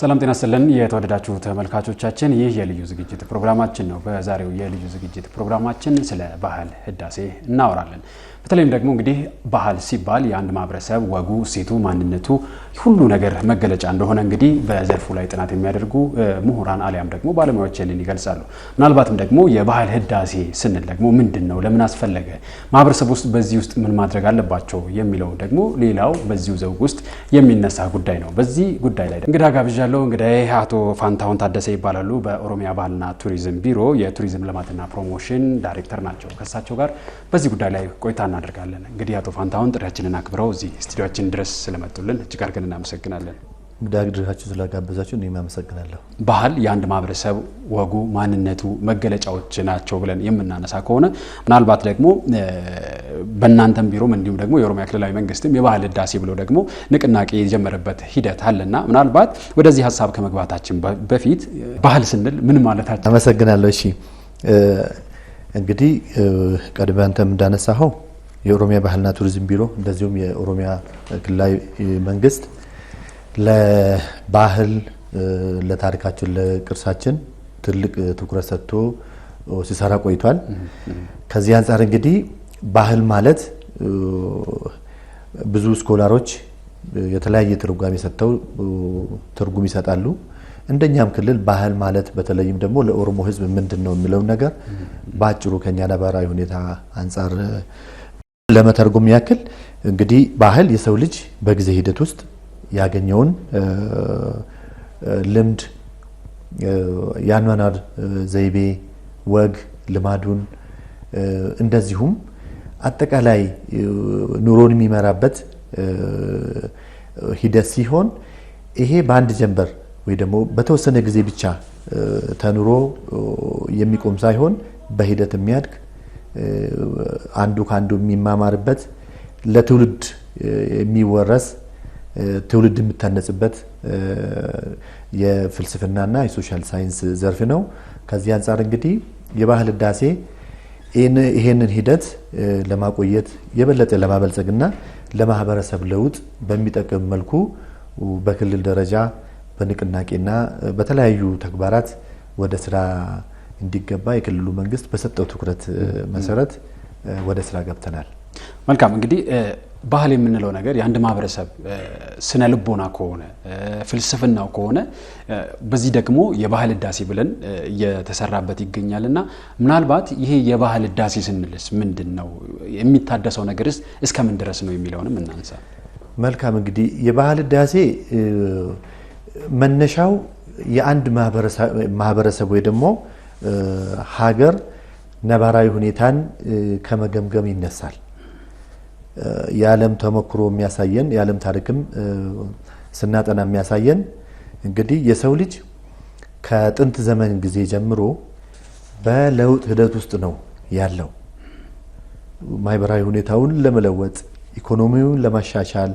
ሰላም ጤና ስለን የተወደዳችሁ ተመልካቾቻችን ይህ የልዩ ዝግጅት ፕሮግራማችን ነው። በዛሬው የልዩ ዝግጅት ፕሮግራማችን ስለ ባህል ህዳሴ እናወራለን። በተለይም ደግሞ እንግዲህ ባህል ሲባል የአንድ ማህበረሰብ ወጉ፣ እሴቱ፣ ማንነቱ ሁሉ ነገር መገለጫ እንደሆነ እንግዲህ በዘርፉ ላይ ጥናት የሚያደርጉ ምሁራን አሊያም ደግሞ ባለሙያዎች ይህንን ይገልጻሉ። ምናልባትም ደግሞ የባህል ህዳሴ ስንል ደግሞ ምንድን ነው? ለምን አስፈለገ? ማህበረሰብ ውስጥ በዚህ ውስጥ ምን ማድረግ አለባቸው? የሚለው ደግሞ ሌላው በዚሁ ዘውግ ውስጥ የሚነሳ ጉዳይ ነው። በዚህ ጉዳይ ላይ እንግዳ ጋብዣለሁ። እንግዳዬ አቶ ፋንታሁን ታደሰ ይባላሉ። በኦሮሚያ ባህልና ቱሪዝም ቢሮ የቱሪዝም ልማትና ፕሮሞሽን ዳይሬክተር ናቸው። ከእሳቸው ጋር በዚህ ጉዳይ ላይ ቆይታ እናደርጋለን። እንግዲህ አቶ ፋንታሁን ጥሪያችንን አክብረው እዚህ ስቱዲዮችን ድረስ ስለመጡልን እጅግ አድርገን እናመሰግናለን። ዳግድራችሁ ስላጋበዛችሁ እኔም አመሰግናለሁ። ባህል የአንድ ማህበረሰብ ወጉ፣ ማንነቱ፣ መገለጫዎች ናቸው ብለን የምናነሳ ከሆነ ምናልባት ደግሞ በእናንተም ቢሮም እንዲሁም ደግሞ የኦሮሚያ ክልላዊ መንግስትም የባህል ህዳሴ ብሎ ደግሞ ንቅናቄ የጀመረበት ሂደት አለና ምናልባት ወደዚህ ሀሳብ ከመግባታችን በፊት ባህል ስንል ምን ማለታችን? አመሰግናለሁ። እሺ እንግዲህ ቀድመህ አንተም እንዳነሳኸው የኦሮሚያ ባህልና ቱሪዝም ቢሮ እንደዚሁም የኦሮሚያ ክልላዊ መንግስት ለባህል ለታሪካችን፣ ለቅርሳችን ትልቅ ትኩረት ሰጥቶ ሲሰራ ቆይቷል። ከዚህ አንጻር እንግዲህ ባህል ማለት ብዙ ስኮላሮች የተለያየ ትርጓሜ ሰጥተው ትርጉም ይሰጣሉ። እንደኛም ክልል ባህል ማለት በተለይም ደግሞ ለኦሮሞ ሕዝብ ምንድን ነው የሚለውን ነገር በአጭሩ ከኛ ነባራዊ ሁኔታ አንጻር ለመተርጎም ያክል እንግዲህ ባህል የሰው ልጅ በጊዜ ሂደት ውስጥ ያገኘውን ልምድ፣ የአኗኗር ዘይቤ፣ ወግ ልማዱን እንደዚሁም አጠቃላይ ኑሮን የሚመራበት ሂደት ሲሆን ይሄ በአንድ ጀንበር ወይ ደግሞ በተወሰነ ጊዜ ብቻ ተኑሮ የሚቆም ሳይሆን በሂደት የሚያድግ አንዱ ከአንዱ የሚማማርበት ለትውልድ የሚወረስ ትውልድ የምታነጽበት የፍልስፍናና የሶሻል ሳይንስ ዘርፍ ነው። ከዚህ አንጻር እንግዲህ የባህል ህዳሴ ይሄንን ሂደት ለማቆየት የበለጠ ለማበልጸግና ለማህበረሰብ ለውጥ በሚጠቅም መልኩ በክልል ደረጃ በንቅናቄና በተለያዩ ተግባራት ወደ ስራ እንዲገባ የክልሉ መንግስት በሰጠው ትኩረት መሰረት ወደ ስራ ገብተናል። መልካም እንግዲህ ባህል የምንለው ነገር የአንድ ማህበረሰብ ስነ ልቦና ከሆነ ፍልስፍናው ከሆነ በዚህ ደግሞ የባህል ህዳሴ ብለን እየተሰራበት ይገኛል እና ምናልባት ይሄ የባህል ህዳሴ ስንልስ ምንድን ነው የሚታደሰው ነገርስ እስከምን ድረስ ነው የሚለውንም እናንሳ። መልካም እንግዲህ የባህል ህዳሴ መነሻው የአንድ ማህበረሰብ ወይ ደግሞ ሀገር ነባራዊ ሁኔታን ከመገምገም ይነሳል። የዓለም ተሞክሮ የሚያሳየን የዓለም ታሪክም ስናጠና የሚያሳየን እንግዲህ የሰው ልጅ ከጥንት ዘመን ጊዜ ጀምሮ በለውጥ ሂደት ውስጥ ነው ያለው። ማህበራዊ ሁኔታውን ለመለወጥ ኢኮኖሚውን ለማሻሻል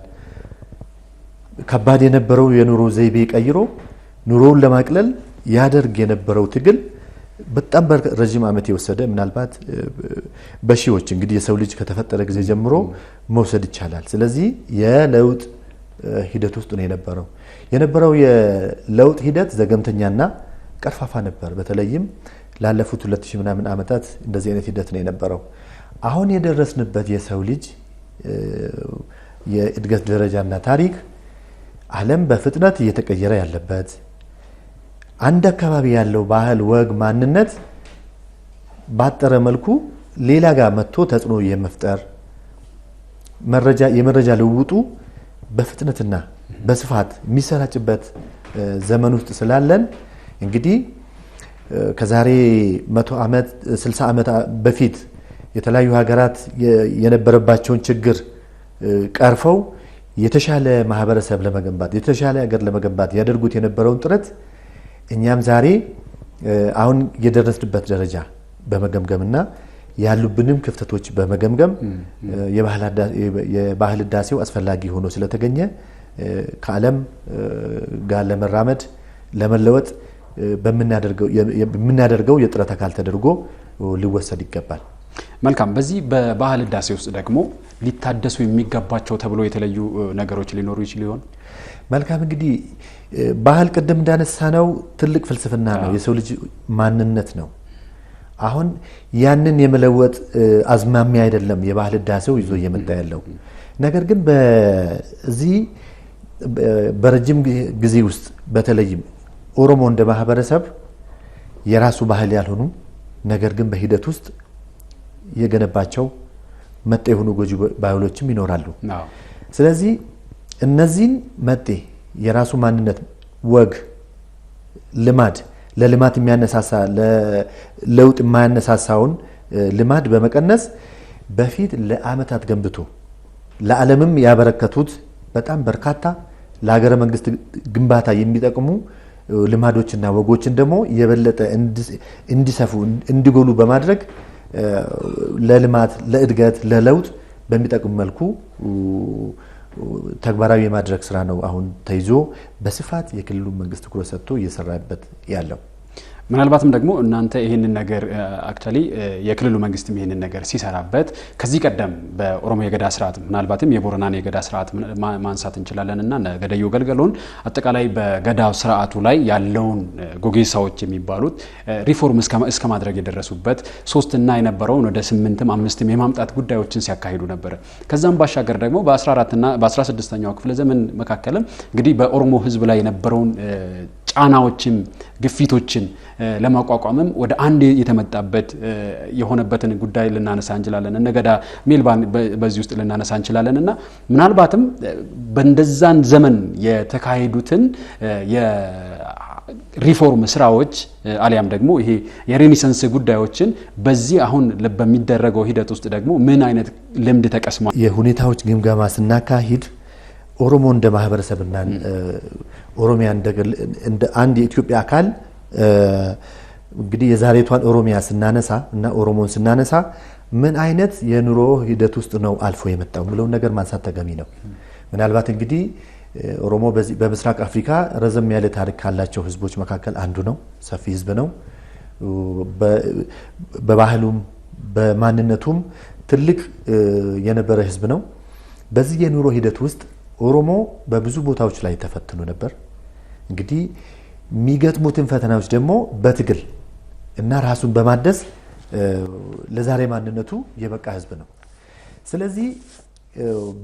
ከባድ የነበረው የኑሮ ዘይቤ ቀይሮ ኑሮውን ለማቅለል ያደርግ የነበረው ትግል በጣም ረዥም ዓመት የወሰደ ምናልባት በሺዎች እንግዲህ የሰው ልጅ ከተፈጠረ ጊዜ ጀምሮ መውሰድ ይቻላል። ስለዚህ የለውጥ ሂደት ውስጥ ነው የነበረው። የነበረው የለውጥ ሂደት ዘገምተኛና ቀርፋፋ ነበር። በተለይም ላለፉት ሁለት ሺህ ምናምን ዓመታት እንደዚህ አይነት ሂደት ነው የነበረው። አሁን የደረስንበት የሰው ልጅ የእድገት ደረጃና ታሪክ ዓለም በፍጥነት እየተቀየረ ያለበት አንድ አካባቢ ያለው ባህል፣ ወግ፣ ማንነት ባጠረ መልኩ ሌላ ጋር መጥቶ ተጽዕኖ የመፍጠር መረጃ የመረጃ ልውውጡ በፍጥነትና በስፋት የሚሰራጭበት ዘመን ውስጥ ስላለን እንግዲህ ከዛሬ መቶ ዓመት 60 ዓመት በፊት የተለያዩ ሀገራት የነበረባቸውን ችግር ቀርፈው የተሻለ ማህበረሰብ ለመገንባት የተሻለ ሀገር ለመገንባት ያደርጉት የነበረውን ጥረት እኛም ዛሬ አሁን የደረስንበት ደረጃ በመገምገምና ያሉብንም ክፍተቶች በመገምገም የባህል ህዳሴው አስፈላጊ ሆኖ ስለተገኘ ከዓለም ጋር ለመራመድ ለመለወጥ የምናደርገው የጥረት አካል ተደርጎ ሊወሰድ ይገባል። መልካም። በዚህ በባህል ህዳሴ ውስጥ ደግሞ ሊታደሱ የሚገባቸው ተብሎ የተለዩ ነገሮች ሊኖሩ ይችል ይሆን? መልካም እንግዲህ ባህል ቅድም ነው ትልቅ ፍልስፍና ነው፣ የሰው ልጅ ማንነት ነው። አሁን ያንን የመለወጥ አዝማሚያ አይደለም የባህል ህዳሴው ይዞ እየመጣ ያለው ነገር ግን በዚህ በረጅም ጊዜ ውስጥ በተለይም ኦሮሞ እንደ ማህበረሰብ የራሱ ባህል ያልሆኑ ነገር ግን በሂደት ውስጥ የገነባቸው መጤ የሆኑ ጎጂ ባህሎችም ይኖራሉ። ስለዚህ እነዚህን መጤ የራሱ ማንነት፣ ወግ፣ ልማድ ለልማት የሚያነሳሳ ለለውጥ የማያነሳሳውን ልማድ በመቀነስ በፊት ለአመታት ገንብቶ ለዓለምም ያበረከቱት በጣም በርካታ ለሀገረ መንግስት ግንባታ የሚጠቅሙ ልማዶችና ወጎችን ደግሞ የበለጠ እንዲሰፉ እንዲጎሉ በማድረግ ለልማት ለእድገት ለለውጥ በሚጠቅም መልኩ ተግባራዊ የማድረግ ስራ ነው አሁን ተይዞ በስፋት የክልሉ መንግስት ትኩረት ሰጥቶ እየሰራበት ያለው። ምናልባትም ደግሞ እናንተ ይህንን ነገር አክቹዋሊ የክልሉ መንግስትም ይህንን ነገር ሲሰራበት ከዚህ ቀደም በኦሮሞ የገዳ ስርዓት ምናልባትም የቦረናን የገዳ ስርዓት ማንሳት እንችላለን እና ገደዩ ገልገሎን አጠቃላይ በገዳ ስርዓቱ ላይ ያለውን ጎጌሳዎች የሚባሉት ሪፎርም እስከ ማድረግ የደረሱበት ሶስትና የነበረውን ወደ ስምንትም አምስትም የማምጣት ጉዳዮችን ሲያካሂዱ ነበረ። ከዛም ባሻገር ደግሞ በ14ና በ16ኛው ክፍለ ዘመን መካከልም እንግዲህ በኦሮሞ ህዝብ ላይ የነበረውን ጫናዎችም ግፊቶችን ለማቋቋምም ወደ አንድ የተመጣበት የሆነበትን ጉዳይ ልናነሳ እንችላለን። እነገዳ ሜልባን በዚህ ውስጥ ልናነሳ እንችላለን እና ምናልባትም በእንደዛን ዘመን የተካሄዱትን ሪፎርም ስራዎች አሊያም ደግሞ ይሄ የሬኒሰንስ ጉዳዮችን በዚህ አሁን በሚደረገው ሂደት ውስጥ ደግሞ ምን አይነት ልምድ ተቀስሟል? የሁኔታዎች ግምገማ ስናካሂድ ኦሮሞ እንደ ማህበረሰብና ኦሮሚያ እንደ አንድ የኢትዮጵያ አካል እንግዲህ የዛሬቷን ኦሮሚያ ስናነሳ እና ኦሮሞን ስናነሳ ምን አይነት የኑሮ ሂደት ውስጥ ነው አልፎ የመጣው ብለውን ነገር ማንሳት ተገቢ ነው። ምናልባት እንግዲህ ኦሮሞ በምስራቅ አፍሪካ ረዘም ያለ ታሪክ ካላቸው ህዝቦች መካከል አንዱ ነው። ሰፊ ህዝብ ነው። በባህሉም በማንነቱም ትልቅ የነበረ ህዝብ ነው። በዚህ የኑሮ ሂደት ውስጥ ኦሮሞ በብዙ ቦታዎች ላይ ተፈትኖ ነበር እንግዲህ የሚገጥሙትን ፈተናዎች ደግሞ በትግል እና ራሱን በማደስ ለዛሬ ማንነቱ የበቃ ህዝብ ነው። ስለዚህ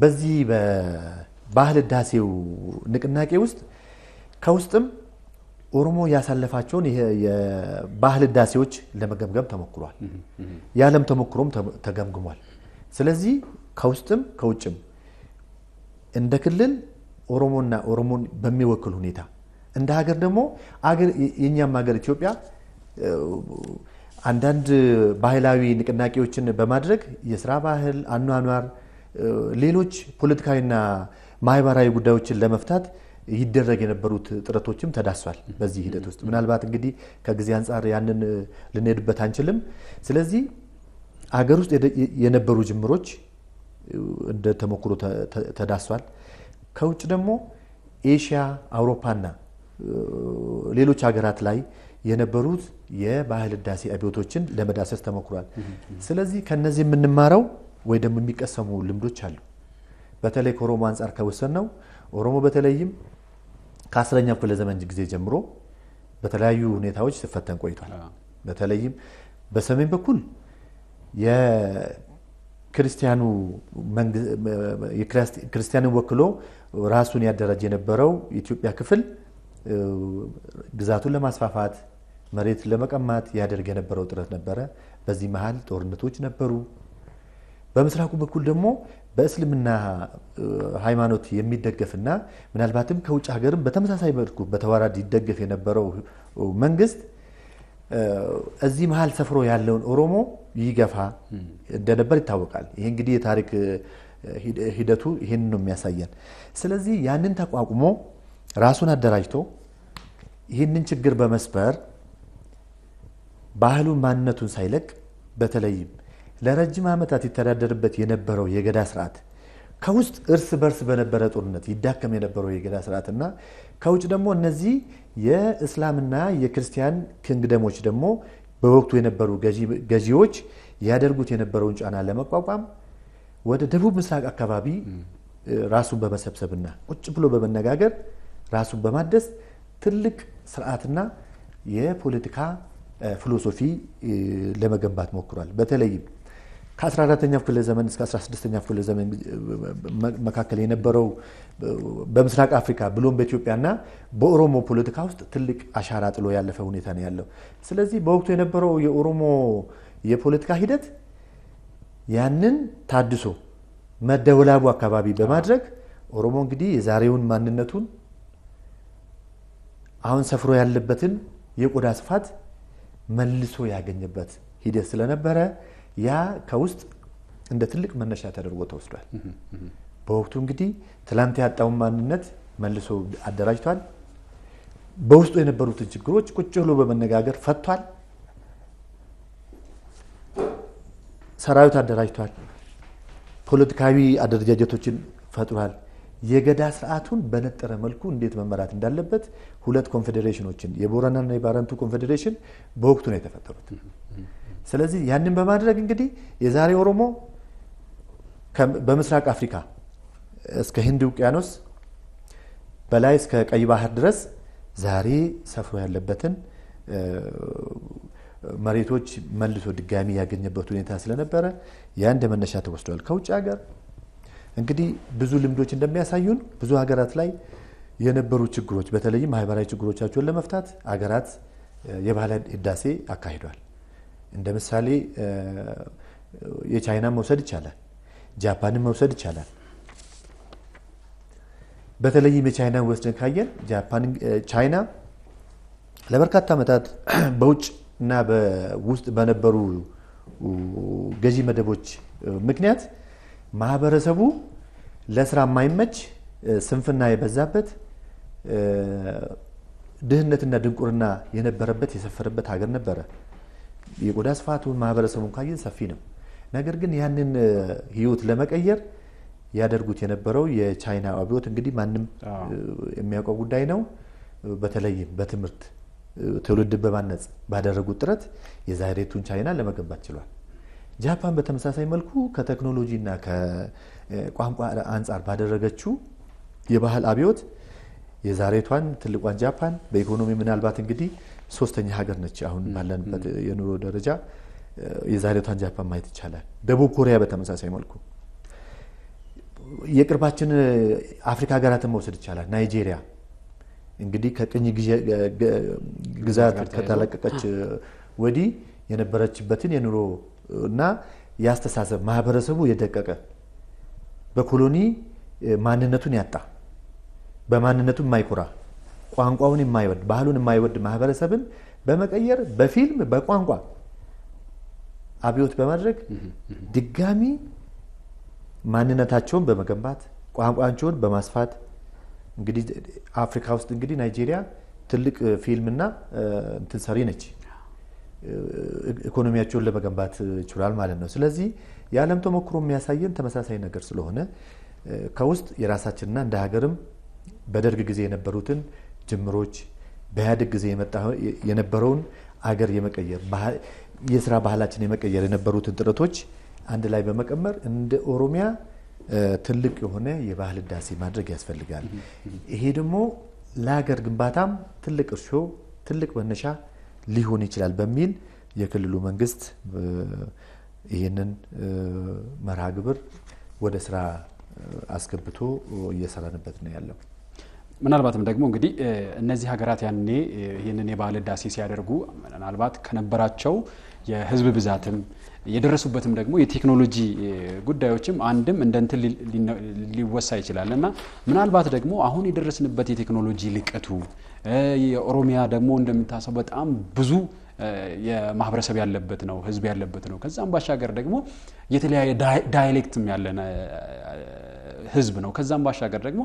በዚህ በባህል ህዳሴው ንቅናቄ ውስጥ ከውስጥም ኦሮሞ ያሳለፋቸውን የባህል ህዳሴዎች ለመገምገም ተሞክሯል። የዓለም ተሞክሮም ተገምግሟል። ስለዚህ ከውስጥም ከውጭም እንደ ክልል ኦሮሞና ኦሮሞን በሚወክል ሁኔታ እንደ ሀገር ደግሞ የእኛም ሀገር ኢትዮጵያ አንዳንድ ባህላዊ ንቅናቄዎችን በማድረግ የስራ ባህል፣ አኗኗር፣ ሌሎች ፖለቲካዊና ማህበራዊ ጉዳዮችን ለመፍታት ይደረግ የነበሩት ጥረቶችም ተዳሷል። በዚህ ሂደት ውስጥ ምናልባት እንግዲህ ከጊዜ አንጻር ያንን ልንሄድበት አንችልም። ስለዚህ አገር ውስጥ የነበሩ ጅምሮች እንደ ተሞክሮ ተዳሷል። ከውጭ ደግሞ ኤሽያ፣ አውሮፓና ሌሎች ሀገራት ላይ የነበሩት የባህል ህዳሴ አብዮቶችን ለመዳሰስ ተሞክሯል። ስለዚህ ከነዚህ የምንማረው ወይ ደግሞ የሚቀሰሙ ልምዶች አሉ። በተለይ ከኦሮሞ አንጻር ከወሰን ነው ኦሮሞ በተለይም ከአስረኛው ክፍለ ዘመን ጊዜ ጀምሮ በተለያዩ ሁኔታዎች ሲፈተን ቆይቷል። በተለይም በሰሜን በኩል የክርስቲያኑ ክርስቲያንን ወክሎ ራሱን ያደራጅ የነበረው የኢትዮጵያ ክፍል ግዛቱን ለማስፋፋት መሬት ለመቀማት ያደርግ የነበረው ጥረት ነበረ። በዚህ መሀል ጦርነቶች ነበሩ። በምስራቁ በኩል ደግሞ በእስልምና ሃይማኖት የሚደገፍና ምናልባትም ከውጭ ሀገርም በተመሳሳይ መልኩ በተዋራድ ይደገፍ የነበረው መንግስት እዚህ መሀል ሰፍሮ ያለውን ኦሮሞ ይገፋ እንደነበር ይታወቃል። ይህ እንግዲህ የታሪክ ሂደቱ ይህን ነው የሚያሳየን። ስለዚህ ያንን ተቋቁሞ ራሱን አደራጅቶ ይህንን ችግር በመስበር ባህሉን ማንነቱን ሳይለቅ በተለይም ለረጅም ዓመታት ይተዳደርበት የነበረው የገዳ ስርዓት ከውስጥ እርስ በርስ በነበረ ጦርነት ይዳከም የነበረው የገዳ ስርዓትና ከውጭ ደግሞ እነዚህ የእስላምና የክርስቲያን ክንግደሞች ደግሞ በወቅቱ የነበሩ ገዢዎች ያደርጉት የነበረውን ጫና ለመቋቋም ወደ ደቡብ ምስራቅ አካባቢ ራሱን በመሰብሰብና ቁጭ ብሎ በመነጋገር ራሱን በማደስ ትልቅ ስርዓትና የፖለቲካ ፊሎሶፊ ለመገንባት ሞክሯል። በተለይም ከ14ተኛው ክፍለ ዘመን እስከ 16ተኛው ክፍለ ዘመን መካከል የነበረው በምስራቅ አፍሪካ ብሎም በኢትዮጵያና በኦሮሞ ፖለቲካ ውስጥ ትልቅ አሻራ ጥሎ ያለፈ ሁኔታ ነው ያለው። ስለዚህ በወቅቱ የነበረው የኦሮሞ የፖለቲካ ሂደት ያንን ታድሶ መደወላቡ አካባቢ በማድረግ ኦሮሞ እንግዲህ የዛሬውን ማንነቱን አሁን ሰፍሮ ያለበትን የቆዳ ስፋት መልሶ ያገኘበት ሂደት ስለነበረ ያ ከውስጥ እንደ ትልቅ መነሻ ተደርጎ ተወስዷል። በወቅቱ እንግዲህ ትላንት ያጣውን ማንነት መልሶ አደራጅቷል። በውስጡ የነበሩትን ችግሮች ቁጭ ብሎ በመነጋገር ፈቷል። ሰራዊት አደራጅቷል። ፖለቲካዊ አደረጃጀቶችን ፈጥሯል። የገዳ ስርዓቱን በነጠረ መልኩ እንዴት መመራት እንዳለበት ሁለት ኮንፌዴሬሽኖችን የቦረናና የባረንቱ ኮንፌዴሬሽን በወቅቱ ነው የተፈጠሩት። ስለዚህ ያንን በማድረግ እንግዲህ የዛሬ ኦሮሞ በምስራቅ አፍሪካ እስከ ህንድ ውቅያኖስ በላይ እስከ ቀይ ባህር ድረስ ዛሬ ሰፍሮ ያለበትን መሬቶች መልሶ ድጋሚ ያገኘበት ሁኔታ ስለነበረ ያ እንደ መነሻ ተወስዷል። ከውጭ ሀገር እንግዲህ ብዙ ልምዶች እንደሚያሳዩን ብዙ ሀገራት ላይ የነበሩ ችግሮች በተለይም ማህበራዊ ችግሮቻቸውን ለመፍታት ሀገራት የባህላ ህዳሴ አካሂዷል። እንደ ምሳሌ የቻይና መውሰድ ይቻላል። ጃፓንን መውሰድ ይቻላል። በተለይም የቻይና ወስደን ካየን ቻይና ለበርካታ ዓመታት በውጭ እና በውስጥ በነበሩ ገዢ መደቦች ምክንያት ማህበረሰቡ ለስራ የማይመች ስንፍና የበዛበት ድህነትና ድንቁርና የነበረበት የሰፈረበት ሀገር ነበረ። የቆዳ ስፋቱን ማህበረሰቡን ካየን ሰፊ ነው። ነገር ግን ያንን ህይወት ለመቀየር ያደርጉት የነበረው የቻይና አብዮት እንግዲህ ማንም የሚያውቀው ጉዳይ ነው። በተለይም በትምህርት ትውልድ በማነጽ ባደረጉት ጥረት የዛሬቱን ቻይና ለመገንባት ችሏል። ጃፓን በተመሳሳይ መልኩ ከቴክኖሎጂና ከቋንቋ አንጻር ባደረገችው የባህል አብዮት የዛሬቷን ትልቋን ጃፓን በኢኮኖሚ ምናልባት እንግዲህ ሶስተኛ ሀገር ነች አሁን ባለንበት የኑሮ ደረጃ የዛሬቷን ጃፓን ማየት ይቻላል። ደቡብ ኮሪያ በተመሳሳይ መልኩ የቅርባችን አፍሪካ ሀገራትን መውሰድ ይቻላል። ናይጄሪያ እንግዲህ ከቅኝ ግዛት ከተለቀቀች ወዲህ የነበረችበትን የኑሮ እና ያስተሳሰብ ማህበረሰቡ የደቀቀ በኮሎኒ ማንነቱን ያጣ በማንነቱ የማይኮራ ቋንቋውን የማይወድ ባህሉን የማይወድ ማህበረሰብን በመቀየር በፊልም በቋንቋ አብዮት በማድረግ ድጋሚ ማንነታቸውን በመገንባት ቋንቋቸውን በማስፋት እንግዲህ አፍሪካ ውስጥ እንግዲህ ናይጄሪያ ትልቅ ፊልምና እንትን ሰሪ ነች። ኢኮኖሚያቸውን ለመገንባት ይችላል ማለት ነው። ስለዚህ የዓለም ተሞክሮ የሚያሳየን ተመሳሳይ ነገር ስለሆነ ከውስጥ የራሳችንና እንደ ሀገርም በደርግ ጊዜ የነበሩትን ጅምሮች በኢህአዴግ ጊዜ የነበረውን አገር የመቀየር የስራ ባህላችን የመቀየር የነበሩትን ጥረቶች አንድ ላይ በመቀመር እንደ ኦሮሚያ ትልቅ የሆነ የባህል ህዳሴ ማድረግ ያስፈልጋል። ይሄ ደግሞ ለሀገር ግንባታም ትልቅ እርሾ፣ ትልቅ መነሻ ሊሆን ይችላል በሚል የክልሉ መንግስት ይህንን መርሃ ግብር ወደ ስራ አስገብቶ እየሰራንበት ነው ያለው። ምናልባትም ደግሞ እንግዲህ እነዚህ ሀገራት ያኔ ይህንን የባህል ህዳሴ ሲያደርጉ ምናልባት ከነበራቸው የህዝብ ብዛትም የደረሱበትም ደግሞ የቴክኖሎጂ ጉዳዮችም አንድም እንደ እንትን ሊወሳ ይችላል እና ምናልባት ደግሞ አሁን የደረስንበት የቴክኖሎጂ ልቀቱ የኦሮሚያ ደግሞ እንደሚታሰው በጣም ብዙ የማህበረሰብ ያለበት ነው፣ ህዝብ ያለበት ነው። ከዛም ባሻገር ደግሞ የተለያየ ዳይሌክትም ያለን ህዝብ ነው። ከዛም ባሻገር ደግሞ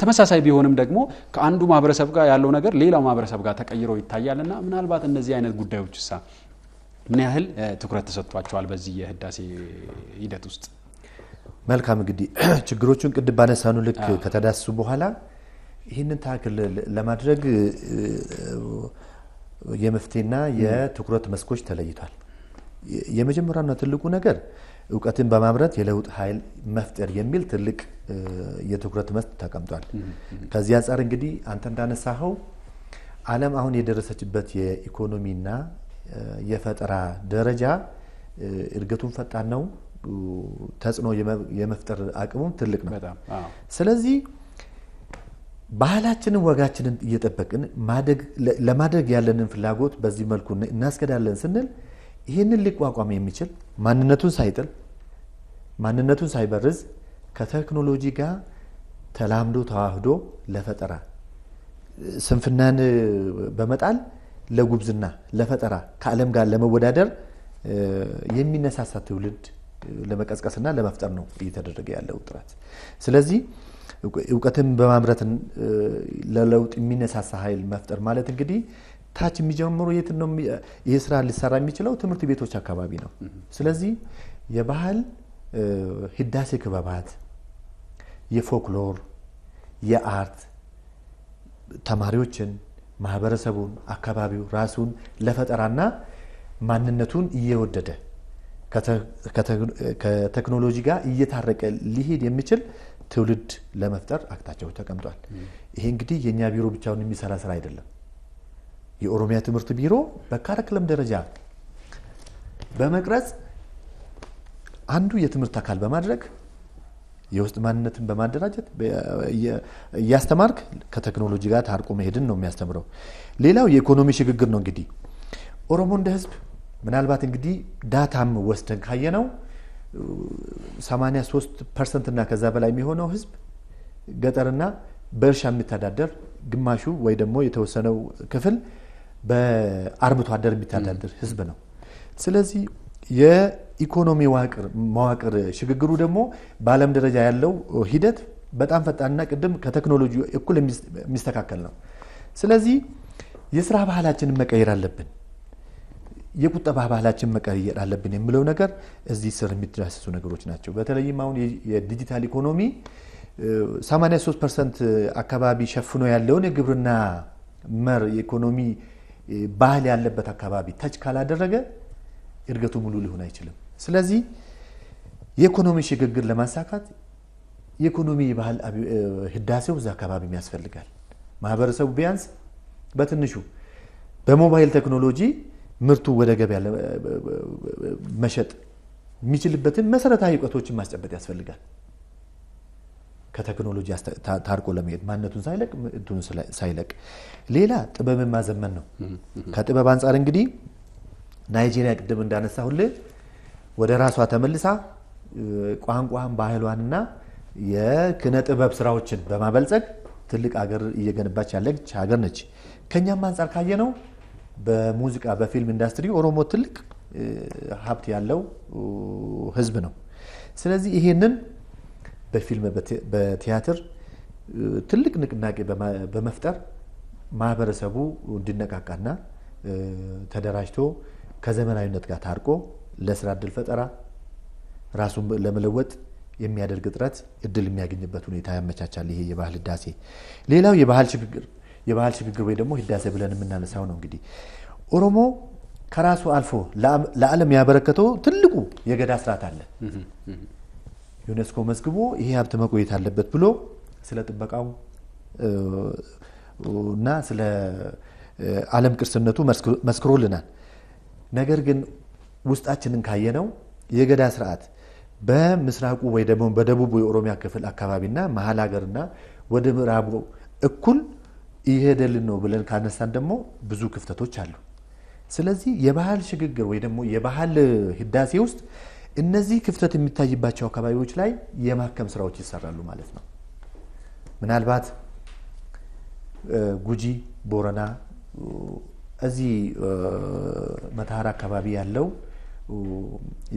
ተመሳሳይ ቢሆንም ደግሞ ከአንዱ ማህበረሰብ ጋር ያለው ነገር ሌላው ማህበረሰብ ጋር ተቀይሮ ይታያል እና ምናልባት እነዚህ አይነት ጉዳዮች ሳ ምን ያህል ትኩረት ተሰጥቷቸዋል በዚህ የህዳሴ ሂደት ውስጥ? መልካም እንግዲህ ችግሮቹን ቅድም ባነሳኑ ልክ ከተዳሱ በኋላ ይህንን ታክል ለማድረግ የመፍትሄና የትኩረት መስኮች ተለይቷል። የመጀመሪያና ትልቁ ነገር እውቀትን በማምረት የለውጥ ኃይል መፍጠር የሚል ትልቅ የትኩረት መስክ ተቀምጧል። ከዚህ አንጻር እንግዲህ አንተ እንዳነሳኸው ዓለም አሁን የደረሰችበት የኢኮኖሚና የፈጠራ ደረጃ እድገቱን ፈጣን ነው። ተጽዕኖ የመፍጠር አቅሙም ትልቅ ነው። ስለዚህ ባህላችንን ወጋችንን እየጠበቅን ለማደግ ያለንን ፍላጎት በዚህ መልኩ እናስገዳለን ስንል ይህንን ሊቋቋም የሚችል ማንነቱን ሳይጥል ማንነቱን ሳይበርዝ ከቴክኖሎጂ ጋር ተላምዶ ተዋህዶ ለፈጠራ ስንፍናን በመጣል ለጉብዝና ለፈጠራ ከዓለም ጋር ለመወዳደር የሚነሳሳ ትውልድ ለመቀስቀስና ለመፍጠር ነው እየተደረገ ያለው ጥረት። ስለዚህ እውቀትን በማምረት ለለውጥ የሚነሳሳ ኃይል መፍጠር ማለት እንግዲህ ታች የሚጀምሩ የት ነው ይህ ስራ ሊሰራ የሚችለው? ትምህርት ቤቶች አካባቢ ነው። ስለዚህ የባህል ህዳሴ ክበባት፣ የፎክሎር፣ የአርት ተማሪዎችን፣ ማህበረሰቡን፣ አካባቢው ራሱን ለፈጠራና ማንነቱን እየወደደ ከቴክኖሎጂ ጋር እየታረቀ ሊሄድ የሚችል ትውልድ ለመፍጠር አቅጣጫዎች ተቀምጧል። ይሄ እንግዲህ የእኛ ቢሮ ብቻውን የሚሰራ ስራ አይደለም። የኦሮሚያ ትምህርት ቢሮ በካረክለም ደረጃ በመቅረጽ አንዱ የትምህርት አካል በማድረግ የውስጥ ማንነትን በማደራጀት እያስተማርክ ከቴክኖሎጂ ጋር ታርቆ መሄድን ነው የሚያስተምረው። ሌላው የኢኮኖሚ ሽግግር ነው። እንግዲህ ኦሮሞ እንደ ህዝብ ምናልባት እንግዲህ ዳታም ወስደን ካየነው 83 ፐርሰንት እና ከዛ በላይ የሚሆነው ህዝብ ገጠርና በእርሻ የሚተዳደር ግማሹ ወይ ደግሞ የተወሰነው ክፍል በአርብቶ አደር የሚተዳደር ህዝብ ነው። ስለዚህ የኢኮኖሚ መዋቅር ሽግግሩ ደግሞ በዓለም ደረጃ ያለው ሂደት በጣም ፈጣንና ቅድም ከቴክኖሎጂ እኩል የሚስተካከል ነው። ስለዚህ የስራ ባህላችንን መቀየር አለብን፣ የቁጠባ ባህላችን መቀየር አለብን የሚለው ነገር እዚህ ስር የሚደሰሱ ነገሮች ናቸው። በተለይም አሁን የዲጂታል ኢኮኖሚ 83 ፐርሰንት አካባቢ ሸፍኖ ያለውን የግብርና መር የኢኮኖሚ ባህል ያለበት አካባቢ ተች ካላደረገ እድገቱ ሙሉ ሊሆን አይችልም። ስለዚህ የኢኮኖሚ ሽግግር ለማሳካት የኢኮኖሚ የባህል ህዳሴው እዛ አካባቢም ያስፈልጋል። ማህበረሰቡ ቢያንስ በትንሹ በሞባይል ቴክኖሎጂ ምርቱ ወደ ገበያ መሸጥ የሚችልበትን መሰረታዊ እውቀቶችን ማስጨበጥ ያስፈልጋል። ከቴክኖሎጂ ታርቆ ለመሄድ ማንነቱን ሳይለቅ እንትኑ ሳይለቅ ሌላ ጥበብን ማዘመን ነው። ከጥበብ አንጻር እንግዲህ ናይጄሪያ ቅድም እንዳነሳ ሁሌ ወደ ራሷ ተመልሳ ቋንቋን ባህሏንና የክነ ጥበብ ስራዎችን በማበልጸግ ትልቅ ሀገር እየገነባች ያለች ሀገር ነች። ከእኛም አንጻር ካየነው በሙዚቃ በፊልም ኢንዱስትሪ ኦሮሞ ትልቅ ሀብት ያለው ህዝብ ነው። ስለዚህ ይሄንን በፊልም በቲያትር ትልቅ ንቅናቄ በመፍጠር ማህበረሰቡ እንዲነቃቃና ተደራጅቶ ከዘመናዊነት ጋር ታርቆ ለስራ እድል ፈጠራ ራሱን ለመለወጥ የሚያደርግ ጥረት እድል የሚያገኝበት ሁኔታ ያመቻቻል። ይሄ የባህል ህዳሴ። ሌላው የባህል ሽግግር የባህል ሽግግር ወይ ደግሞ ህዳሴ ብለን የምናነሳው ነው። እንግዲህ ኦሮሞ ከራሱ አልፎ ለዓለም ያበረከተው ትልቁ የገዳ ስርዓት አለ። ዩኔስኮ መዝግቦ ይሄ ሀብት መቆየት አለበት ብሎ ስለ ጥበቃው እና ስለ ዓለም ቅርስነቱ መስክሮልናል። ነገር ግን ውስጣችንን ካየነው የገዳ ስርዓት በምስራቁ ወይ ደግሞ በደቡቡ የኦሮሚያ ክፍል አካባቢና መሀል ሀገርና ወደ ምዕራቡ እኩል እየሄደልን ነው ብለን ካነሳን ደግሞ ብዙ ክፍተቶች አሉ። ስለዚህ የባህል ሽግግር ወይ ደግሞ የባህል ህዳሴ ውስጥ እነዚህ ክፍተት የሚታይባቸው አካባቢዎች ላይ የማከም ስራዎች ይሰራሉ ማለት ነው። ምናልባት ጉጂ፣ ቦረና እዚህ መተሃራ አካባቢ ያለው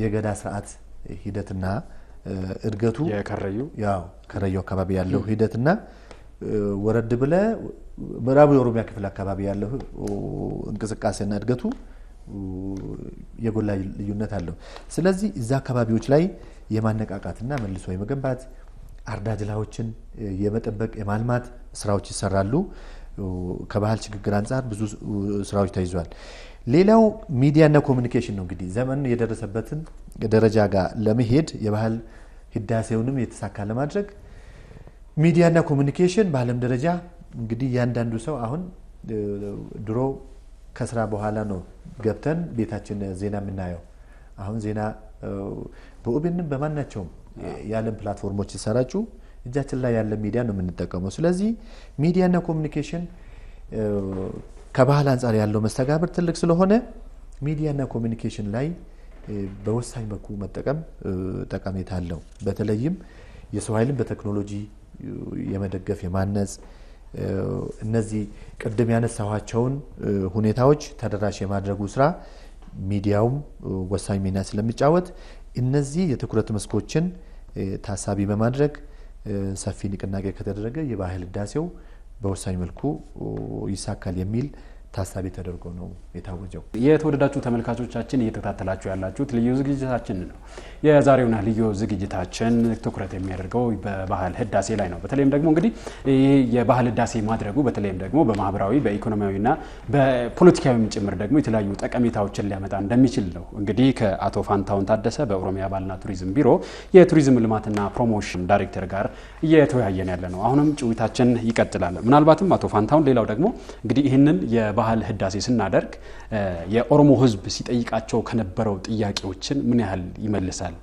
የገዳ ስርዓት ሂደትና እድገቱ ያው ከረዩ አካባቢ ያለው ሂደትና ወረድ ብለ ምዕራቡ የኦሮሚያ ክፍል አካባቢ ያለው እንቅስቃሴና እድገቱ የጎላ ልዩነት አለው። ስለዚህ እዛ አካባቢዎች ላይ የማነቃቃትና መልሶ የመገንባት አርዳድላዎችን የመጠበቅ የማልማት ስራዎች ይሰራሉ። ከባህል ሽግግር አንጻር ብዙ ስራዎች ተይዟል። ሌላው ሚዲያና ኮሚኒኬሽን ነው። እንግዲህ ዘመኑ የደረሰበትን ደረጃ ጋር ለመሄድ የባህል ህዳሴውንም የተሳካ ለማድረግ ሚዲያና ኮሚኒኬሽን በዓለም ደረጃ እንግዲህ እያንዳንዱ ሰው አሁን ድሮ ከስራ በኋላ ነው ገብተን ቤታችን ዜና የምናየው። አሁን ዜና በኦቤንም በማናቸውም የዓለም ፕላትፎርሞች ሲሰራጩ እጃችን ላይ ያለ ሚዲያ ነው የምንጠቀመው። ስለዚህ ሚዲያና ኮሚኒኬሽን ከባህል አንጻር ያለው መስተጋብር ትልቅ ስለሆነ ሚዲያና ኮሚኒኬሽን ላይ በወሳኝ መልኩ መጠቀም ጠቀሜታ አለው። በተለይም የሰው ኃይልን በቴክኖሎጂ የመደገፍ የማነጽ እነዚህ ቅድም ያነሳኋቸውን ሁኔታዎች ተደራሽ የማድረጉ ስራ ሚዲያውም ወሳኝ ሚና ስለሚጫወት እነዚህ የትኩረት መስኮችን ታሳቢ በማድረግ ሰፊ ንቅናቄ ከተደረገ የባህል ህዳሴው በወሳኝ መልኩ ይሳካል የሚል ታሳቢ ተደርጎ ነው የታወጀው። የተወደዳችሁ ተመልካቾቻችን እየተከታተላችሁ ያላችሁት ልዩ ዝግጅታችን ነው። የዛሬውና ልዩ ዝግጅታችን ትኩረት የሚያደርገው በባህል ህዳሴ ላይ ነው። በተለይም ደግሞ እንግዲህ ይህ የባህል ህዳሴ ማድረጉ በተለይም ደግሞ በማህበራዊ በኢኮኖሚያዊና በፖለቲካዊም ጭምር ደግሞ የተለያዩ ጠቀሜታዎችን ሊያመጣ እንደሚችል ነው እንግዲህ ከአቶ ፋንታውን ታደሰ በኦሮሚያ ባህልና ቱሪዝም ቢሮ የቱሪዝም ልማትና ፕሮሞሽን ዳይሬክተር ጋር እየተወያየን ያለ ነው። አሁንም ጭዊታችን ይቀጥላል። ምናልባትም አቶ ፋንታውን ሌላው ደግሞ እንግዲህ ይህንን የባህል ህዳሴ ስናደርግ የኦሮሞ ህዝብ ሲጠይቃቸው ከነበረው ጥያቄዎችን ምን ያህል ይመልሳል?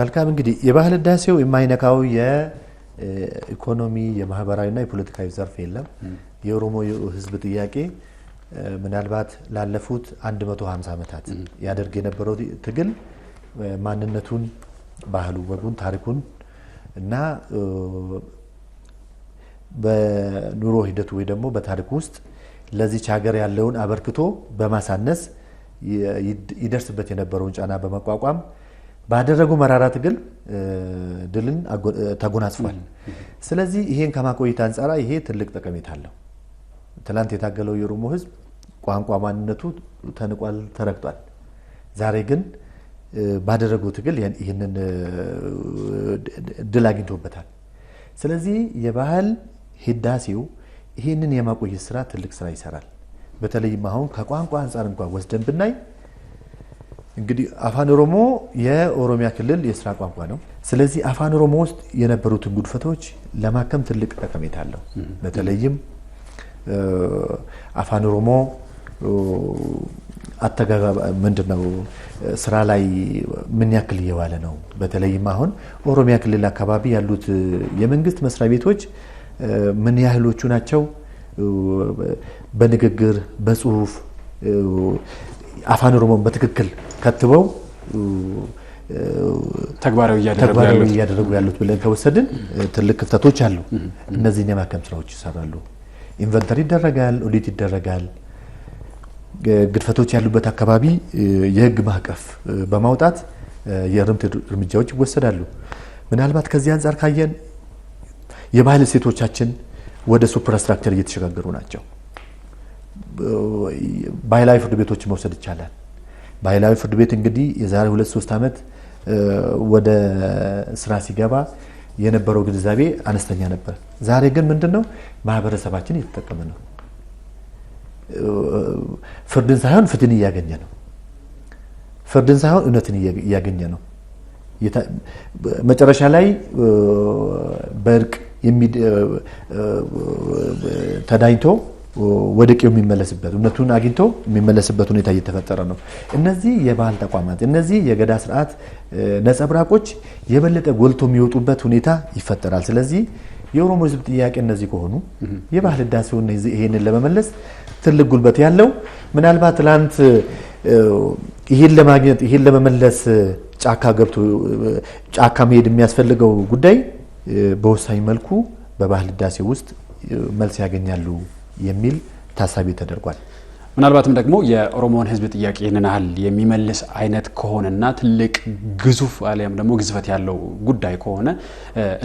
መልካም እንግዲህ የባህል ህዳሴው የማይነካው የኢኮኖሚ የማህበራዊና የፖለቲካዊ ዘርፍ የለም። የኦሮሞ ህዝብ ጥያቄ ምናልባት ላለፉት 150 ዓመታት ያደርግ የነበረው ትግል ማንነቱን፣ ባህሉ፣ ወጉን፣ ታሪኩን እና በኑሮ ሂደቱ ወይ ደግሞ በታሪክ ውስጥ ለዚች ሀገር ያለውን አበርክቶ በማሳነስ ይደርስበት የነበረውን ጫና በመቋቋም ባደረጉ መራራ ትግል ድልን ተጎናጽፏል። ስለዚህ ይሄን ከማቆየት አንጻራ ይሄ ትልቅ ጠቀሜታ አለው። ትላንት የታገለው የኦሮሞ ህዝብ ቋንቋ ማንነቱ ተንቋል፣ ተረግጧል። ዛሬ ግን ባደረጉ ትግል ይህንን ድል አግኝቶበታል። ስለዚህ የባህል ህዳሴው ይህንን የማቆየት ስራ ትልቅ ስራ ይሰራል። በተለይም አሁን ከቋንቋ አንጻር እንኳን ወስደን ብናይ እንግዲህ አፋን ኦሮሞ የኦሮሚያ ክልል የስራ ቋንቋ ነው። ስለዚህ አፋን ኦሮሞ ውስጥ የነበሩትን ጉድፈቶች ለማከም ትልቅ ጠቀሜታ አለው። በተለይም አፋን ኦሮሞ አተጋጋባ ምንድን ነው ስራ ላይ ምን ያክል እየዋለ ነው? በተለይም አሁን ኦሮሚያ ክልል አካባቢ ያሉት የመንግስት መስሪያ ቤቶች ምን ያህሎቹ ናቸው በንግግር በጽሁፍ አፋን ኦሮሞን በትክክል ከትበው ተግባራዊ እያደረጉ ያሉት ብለን ከወሰድን ትልቅ ክፍተቶች አሉ። እነዚህን የማከም ስራዎች ይሰራሉ። ኢንቨንተሪ ይደረጋል፣ ኦዲት ይደረጋል። ግድፈቶች ያሉበት አካባቢ የህግ ማዕቀፍ በማውጣት የእርምት እርምጃዎች ይወሰዳሉ። ምናልባት ከዚህ አንጻር ካየን የባህል እሴቶቻችን ወደ ሱፐርስትራክቸር እየተሸጋገሩ ናቸው። ባህላዊ ፍርድ ቤቶች መውሰድ ይቻላል። ባህላዊ ፍርድ ቤት እንግዲህ የዛሬ ሁለት ሶስት ዓመት ወደ ስራ ሲገባ የነበረው ግንዛቤ አነስተኛ ነበር። ዛሬ ግን ምንድን ነው ማህበረሰባችን እየተጠቀመ ነው። ፍርድን ሳይሆን ፍትህን እያገኘ ነው። ፍርድን ሳይሆን እውነትን እያገኘ ነው። መጨረሻ ላይ በእርቅ ተዳኝቶ ወደ ቄው የሚመለስበት እውነቱን አግኝቶ የሚመለስበት ሁኔታ እየተፈጠረ ነው። እነዚህ የባህል ተቋማት እነዚህ የገዳ ስርዓት ነጸብራቆች የበለጠ ጎልቶ የሚወጡበት ሁኔታ ይፈጠራል። ስለዚህ የኦሮሞ ሕዝብ ጥያቄ እነዚህ ከሆኑ የባህል ህዳሴው ይሄንን ለመመለስ ትልቅ ጉልበት ያለው ምናልባት ትላንት ይሄን ለማግኘት ይሄን ለመመለስ ጫካ ገብቶ ጫካ መሄድ የሚያስፈልገው ጉዳይ በወሳኝ መልኩ በባህል ህዳሴ ውስጥ መልስ ያገኛሉ የሚል ታሳቢ ተደርጓል። ምናልባትም ደግሞ የኦሮሞን ህዝብ ጥያቄ ይህንን ያህል የሚመልስ አይነት ከሆነና ትልቅ ግዙፍ አሊያም ደግሞ ግዝፈት ያለው ጉዳይ ከሆነ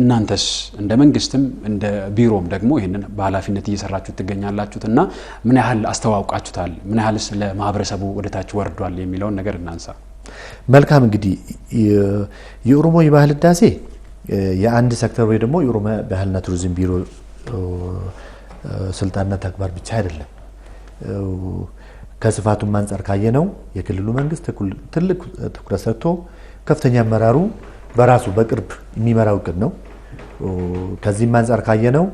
እናንተስ እንደ መንግስትም እንደ ቢሮም ደግሞ ይህንን በኃላፊነት እየሰራችሁ ትገኛላችሁት እና ምን ያህል አስተዋውቃችሁታል? ምን ያህልስ ለማህበረሰቡ ወደታች ወርዷል የሚለውን ነገር እናንሳ። መልካም እንግዲህ የኦሮሞ የባህል ህዳሴ የአንድ ሴክተር ወይ ደግሞ የኦሮሞ ባህልና ቱሪዝም ቢሮ ስልጣንና ተግባር ብቻ አይደለም። ከስፋቱም አንጻር ካየ ነው የክልሉ መንግስት ትልቅ ትኩረት ሰጥቶ ከፍተኛ አመራሩ በራሱ በቅርብ የሚመራው እቅድ ነው። ከዚህም አንጻር ካየ ነው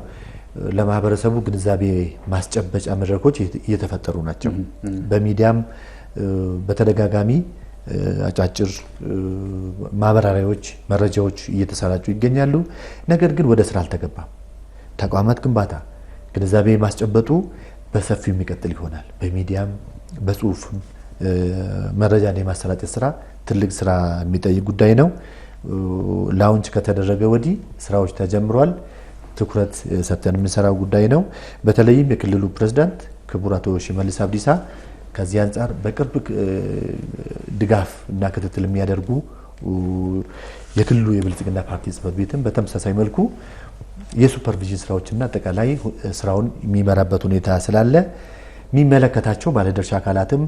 ለማህበረሰቡ ግንዛቤ ማስጨበጫ መድረኮች እየተፈጠሩ ናቸው። በሚዲያም በተደጋጋሚ አጫጭር ማብራሪያዎች፣ መረጃዎች እየተሰራጩ ይገኛሉ። ነገር ግን ወደ ስራ አልተገባም። ተቋማት ግንባታ ግንዛቤ ማስጨበጡ በሰፊው የሚቀጥል ይሆናል። በሚዲያም በጽሁፍም መረጃን የማሰራጨት ስራ ትልቅ ስራ የሚጠይቅ ጉዳይ ነው። ላውንች ከተደረገ ወዲህ ስራዎች ተጀምሯል። ትኩረት ሰጥተን የምንሰራው ጉዳይ ነው። በተለይም የክልሉ ፕሬዝዳንት ክቡር አቶ ሽመልስ አብዲሳ ከዚህ አንጻር በቅርብ ድጋፍ እና ክትትል የሚያደርጉ የክልሉ የብልጽግና ፓርቲ ጽህፈት ቤትም በተመሳሳይ መልኩ የሱፐርቪዥን ስራዎችና አጠቃላይ ስራውን የሚመራበት ሁኔታ ስላለ የሚመለከታቸው ባለድርሻ አካላትም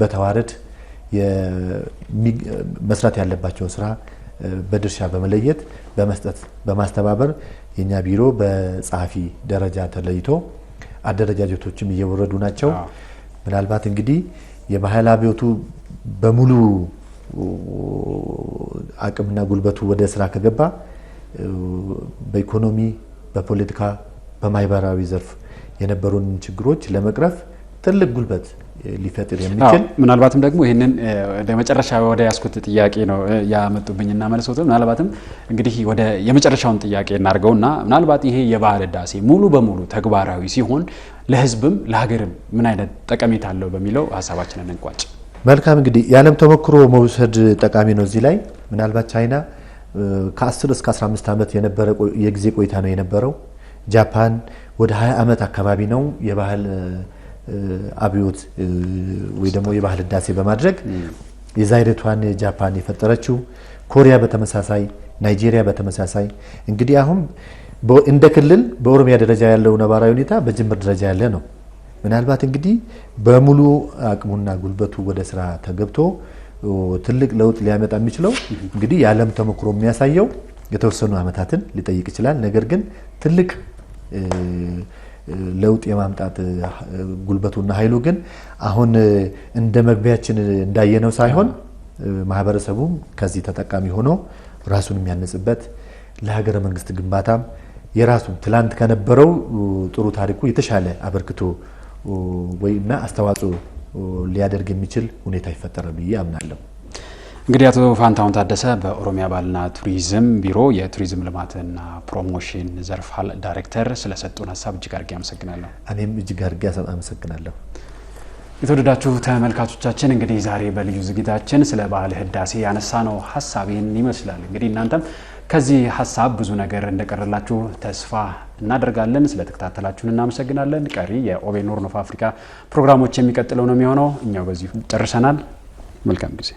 በተዋረድ መስራት ያለባቸውን ስራ በድርሻ በመለየት በመስጠት በማስተባበር የእኛ ቢሮ በጸሐፊ ደረጃ ተለይቶ አደረጃጀቶችም እየወረዱ ናቸው። ምናልባት እንግዲህ የባህል አብዮቱ በሙሉ አቅምና ጉልበቱ ወደ ስራ ከገባ በኢኮኖሚ፣ በፖለቲካ፣ በማህበራዊ ዘርፍ የነበሩን ችግሮች ለመቅረፍ ትልቅ ጉልበት ሊፈጥር የሚችል ምናልባትም ደግሞ ይህንን ለመጨረሻ ወደ ያስኩት ጥያቄ ነው እና መልሶት ምናልባትም እንግዲህ ወደ የመጨረሻውን ጥያቄ እና ምናልባት ይሄ የባህል ህዳሴ ሙሉ በሙሉ ተግባራዊ ሲሆን ለህዝብም ለሀገርም ምን አይነት ጠቀሜታ አለው በሚለው ሀሳባችንን እንቋጭ። መልካም እንግዲህ የዓለም ተሞክሮ መውሰድ ጠቃሚ ነው። እዚህ ላይ ምናልባት ቻይና ከ10 እስከ 15 ዓመት የነበረ የጊዜ ቆይታ ነው የነበረው። ጃፓን ወደ 20 ዓመት አካባቢ ነው የባህል አብዮት ወይ ደግሞ የባህል ህዳሴ በማድረግ የዛይሬቷን ጃፓን የፈጠረችው ኮሪያ በተመሳሳይ ናይጄሪያ በተመሳሳይ እንግዲህ አሁን እንደ ክልል በኦሮሚያ ደረጃ ያለው ነባራዊ ሁኔታ በጅምር ደረጃ ያለ ነው። ምናልባት እንግዲህ በሙሉ አቅሙና ጉልበቱ ወደ ስራ ተገብቶ ትልቅ ለውጥ ሊያመጣ የሚችለው እንግዲህ የዓለም ተሞክሮ የሚያሳየው የተወሰኑ ዓመታትን ሊጠይቅ ይችላል። ነገር ግን ትልቅ ለውጥ የማምጣት ጉልበቱና ኃይሉ ግን አሁን እንደ መግቢያችን እንዳየነው ሳይሆን ማህበረሰቡም ከዚህ ተጠቃሚ ሆኖ ራሱን የሚያነጽበት ለሀገረ መንግስት ግንባታም የራሱን ትላንት ከነበረው ጥሩ ታሪኩ የተሻለ አበርክቶ ወይና አስተዋጽኦ ሊያደርግ የሚችል ሁኔታ ይፈጠራል ብዬ አምናለሁ። እንግዲህ አቶ ፋንታሁን ታደሰ በኦሮሚያ ባህልና ቱሪዝም ቢሮ የቱሪዝም ልማትና ፕሮሞሽን ዘርፍ ዳይሬክተር ስለሰጡን ሀሳብ እጅግ አድርጌ አመሰግናለሁ። እኔም እጅግ አድርጌ አመሰግናለሁ። የተወደዳችሁ ተመልካቾቻችን እንግዲህ ዛሬ በልዩ ዝግጅታችን ስለ ባህል ህዳሴ ያነሳ ነው ሀሳቤን ይመስላል። እንግዲህ እናንተም ከዚህ ሀሳብ ብዙ ነገር እንደቀረላችሁ ተስፋ እናደርጋለን። ስለ ተከታተላችሁን እናመሰግናለን። ቀሪ የኦቤን ሆርን ኦፍ አፍሪካ ፕሮግራሞች የሚቀጥለው ነው የሚሆነው። እኛው በዚሁ ጨርሰናል። መልካም ጊዜ